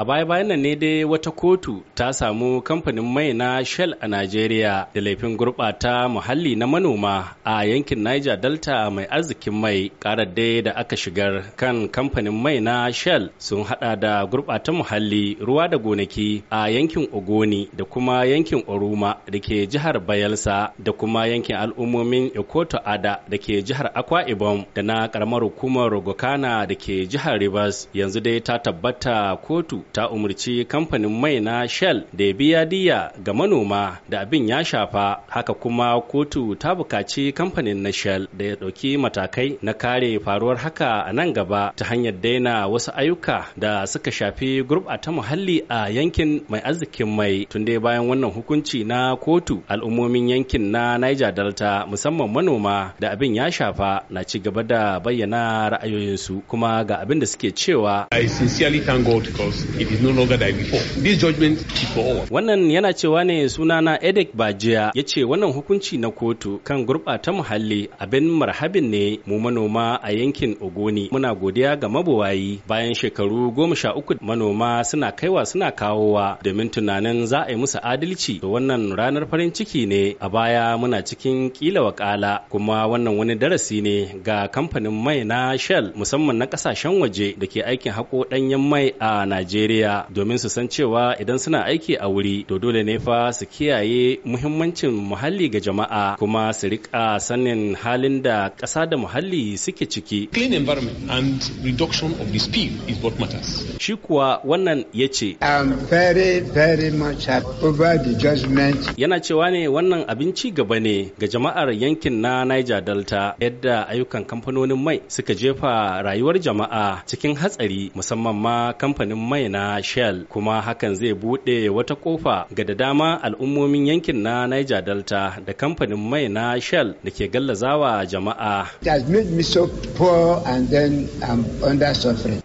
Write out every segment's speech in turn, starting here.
a baya bayan nan ne dai wata kotu ta samu kamfanin mai na shell a najeriya da laifin gurɓata muhalli na manoma a yankin niger delta mai arzikin mai karar dai da aka shigar kan kamfanin mai na shell sun hada da gurɓata muhalli ruwa da gonaki a yankin ogoni da kuma yankin oruma da ke jihar bayelsa da kuma yankin al'ummomin Ekoto ada da ke jihar akwa ibom da na karamar hukumar rogokana da ke jihar rivers yanzu dai ta tabbata kotu ta umarci kamfanin mai na shell da ya biya diya ga manoma da abin ya shafa haka kuma kotu ta bukaci kamfanin na shell da ya ɗauki matakai na kare faruwar haka a nan gaba ta hanyar daina wasu ayyuka da suka shafi ta muhalli a yankin mai arzikin mai tun dai bayan wannan hukunci na kotu al'ummomin yankin na niger delta musamman manoma da abin ya shafa na ci gaba da bayyana ra'ayoyinsu kuma ga abin da suke cewa I sincerely thank God because it is no longer than before. This judgment is for Wannan yana cewa ne sunana Edek Bajiya ya ce wannan hukunci na kotu kan gurɓata muhalli abin marhabin ne mu manoma a yankin Ogoni. Muna godiya ga mabuwayi bayan shekaru goma sha uku manoma suna kaiwa suna kawowa domin tunanin za a yi musu adalci da wannan ranar farin ciki ne a baya muna cikin kila wakala kuma wannan wani darasi ne ga kamfanin mai na Shell musamman na kasashen waje da ke aikin haƙo ɗanyen mai a Najeriya. Najeriya domin su san cewa idan suna aiki a wuri to dole ne fa su kiyaye muhimmancin muhalli ga jama'a kuma su rika sanin halin da ƙasa da muhalli suke ciki. Clean environment and reduction of the speed is what matters. Shi kuwa wannan ya ce. I'm very very much over the judgment. Yana cewa ne wannan abin ci gaba ne ga jama'ar yankin na Niger Delta yadda ayyukan kamfanonin mai suka jefa rayuwar jama'a cikin hatsari musamman ma kamfanin mai na shell kuma hakan zai buɗe wata ƙofa ga da dama al'ummomin yankin na niger delta da kamfanin mai na shell da ke gallazawa jama'a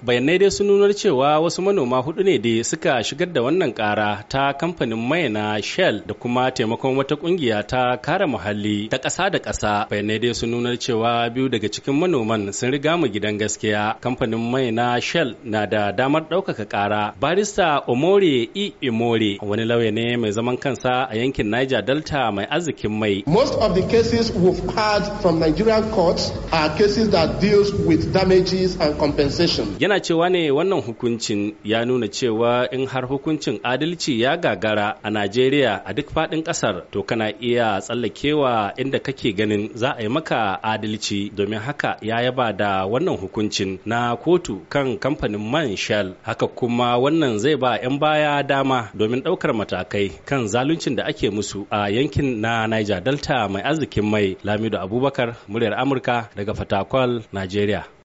bayanai dai sun nunar cewa wasu manoma hudu ne da suka shigar da wannan kara ta kamfanin mai na shell da kuma taimakon wata ƙungiya ta kare muhalli ta ƙasa da ƙasa bayanai dai sun nunar cewa biyu daga cikin manoman sun riga mu gidan gaskiya kamfanin mai na shell na da damar ɗaukaka ƙara. Zamfara. Barista Omore I imori wani lauya ne mai zaman kansa a yankin Niger Delta mai arzikin mai. Most of the cases we've had from Nigerian courts are cases that deals with damages and compensation. Yana cewa ne wannan hukuncin ya nuna cewa in har hukuncin adalci ya gagara a Najeriya a duk faɗin ƙasar to kana iya tsallakewa inda kake ganin za a yi maka adalci domin haka ya yaba da wannan hukuncin na kotu kan kamfanin man shell haka kuma kuma wannan zai ba 'yan baya dama domin ɗaukar matakai kan zaluncin da ake musu a yankin na niger delta mai arzikin mai lamido abubakar muryar amurka daga fatakwal nigeria